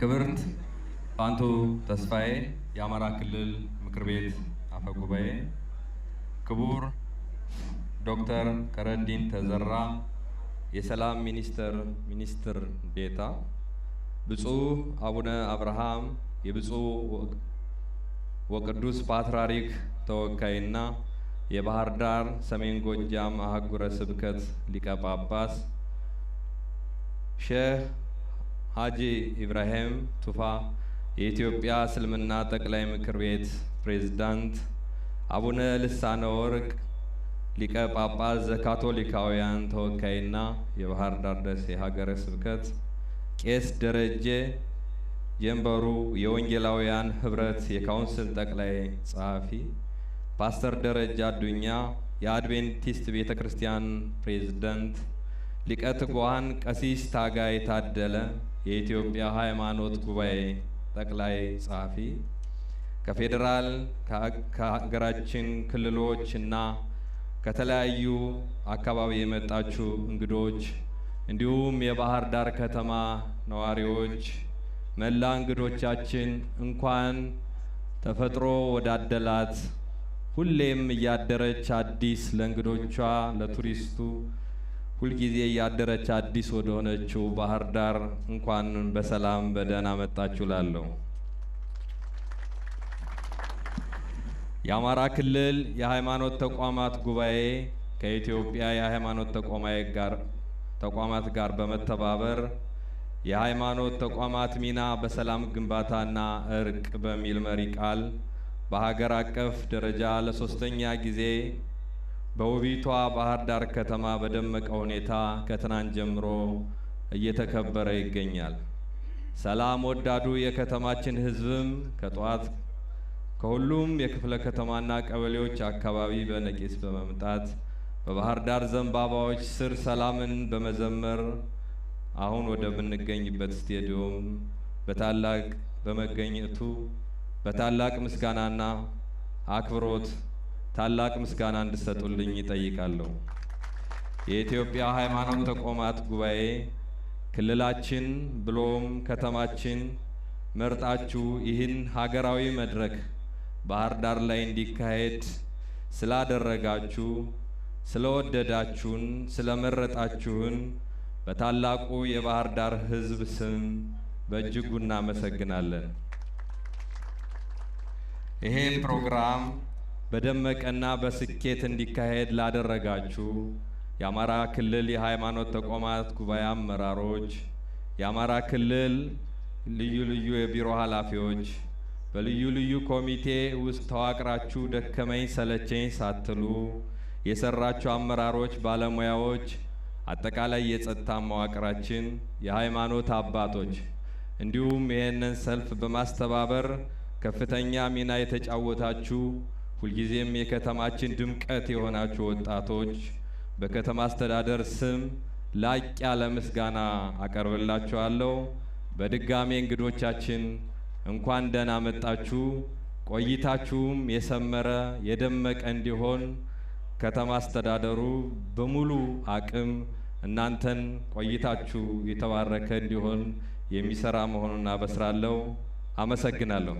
ክብርት ፋንቱ ተስፋዬ የአማራ ክልል ምክር ቤት አፈ ጉባኤ፣ ክቡር ዶክተር ከረዲን ተዘራ የሰላም ሚኒስቴር ሚኒስትር ዴታ! ብፁዕ አቡነ አብርሃም የብፁዕ ወቅዱስ ፓትርያርክ ተወካይና የባህር ዳር ሰሜን ጎጃም አህጉረ ስብከት ሊቀ ጳጳስ ሼህ ሀጂ ኢብራሂም ቱፋ የኢትዮጵያ እስልምና ጠቅላይ ምክር ቤት ፕሬዝዳንት፣ አቡነ ልሳነ ወርቅ ሊቀ ጳጳስ ዘካቶሊካውያን ተወካይና የባህር ዳር ደሴ ሀገረ ስብከት፣ ቄስ ደረጀ ጀንበሩ የወንጌላውያን ህብረት የካውንስል ጠቅላይ ጸሐፊ፣ ፓስተር ደረጃ አዱኛ የአድቬንቲስት ቤተ ክርስቲያን ፕሬዝዳንት ሊቀ ትጉሃን ቀሲስ ታጋይ ታደለ የኢትዮጵያ ሃይማኖት ጉባኤ ጠቅላይ ጸሐፊ፣ ከፌዴራል ከሀገራችን ክልሎች እና ከተለያዩ አካባቢ የመጣችሁ እንግዶች እንዲሁም የባህር ዳር ከተማ ነዋሪዎች መላ እንግዶቻችን እንኳን ተፈጥሮ ወዳደላት ሁሌም እያደረች አዲስ ለእንግዶቿ ለቱሪስቱ ሁልጊዜ እያደረች አዲስ ሆነችው ባህር ዳር እንኳን በሰላም በደህና መጣችሁ ላለሁ የአማራ ክልል የሃይማኖት ተቋማት ጉባኤ ከኢትዮጵያ የሃይማኖት ተቋማት ጋር በመተባበር የሃይማኖት ተቋማት ሚና በሰላም ግንባታና እርቅ በሚል መሪ ቃል በሀገር አቀፍ ደረጃ ለሶስተኛ ጊዜ በውቢቷ ባህር ዳር ከተማ በደመቀ ሁኔታ ከትናንት ጀምሮ እየተከበረ ይገኛል። ሰላም ወዳዱ የከተማችን ህዝብም ከጠዋት ከሁሉም የክፍለ ከተማና ቀበሌዎች አካባቢ በነቂስ በመምጣት በባህር ዳር ዘንባባዎች ስር ሰላምን በመዘመር አሁን ወደምንገኝበት ስቴዲዮም በታላቅ በመገኘቱ በታላቅ ምስጋናና አክብሮት ታላቅ ምስጋና እንድሰጡልኝ ይጠይቃለሁ። የኢትዮጵያ ሃይማኖት ተቋማት ጉባኤ ክልላችን ብሎም ከተማችን መርጣችሁ ይህን ሀገራዊ መድረክ ባህር ዳር ላይ እንዲካሄድ ስላደረጋችሁ፣ ስለወደዳችሁን፣ ስለመረጣችሁን በታላቁ የባህር ዳር ሕዝብ ስም በእጅጉ እናመሰግናለን። ይህም ፕሮግራም በደመቀና በስኬት እንዲካሄድ ላደረጋችሁ የአማራ ክልል የሃይማኖት ተቋማት ጉባኤ አመራሮች፣ የአማራ ክልል ልዩ ልዩ የቢሮ ኃላፊዎች፣ በልዩ ልዩ ኮሚቴ ውስጥ ተዋቅራችሁ ደከመኝ ሰለቸኝ ሳትሉ የሰራችሁ አመራሮች፣ ባለሙያዎች፣ አጠቃላይ የጸጥታ መዋቅራችን፣ የሃይማኖት አባቶች እንዲሁም ይህንን ሰልፍ በማስተባበር ከፍተኛ ሚና የተጫወታችሁ ሁልጊዜም የከተማችን ድምቀት የሆናችሁ ወጣቶች በከተማ አስተዳደር ስም ላቅ ያለ ምስጋና አቀርብላችኋለሁ። በድጋሜ እንግዶቻችን እንኳን ደህና መጣችሁ። ቆይታችሁም የሰመረ የደመቀ እንዲሆን ከተማ አስተዳደሩ በሙሉ አቅም እናንተን ቆይታችሁ የተባረከ እንዲሆን የሚሰራ መሆኑን አበስራለሁ። አመሰግናለሁ።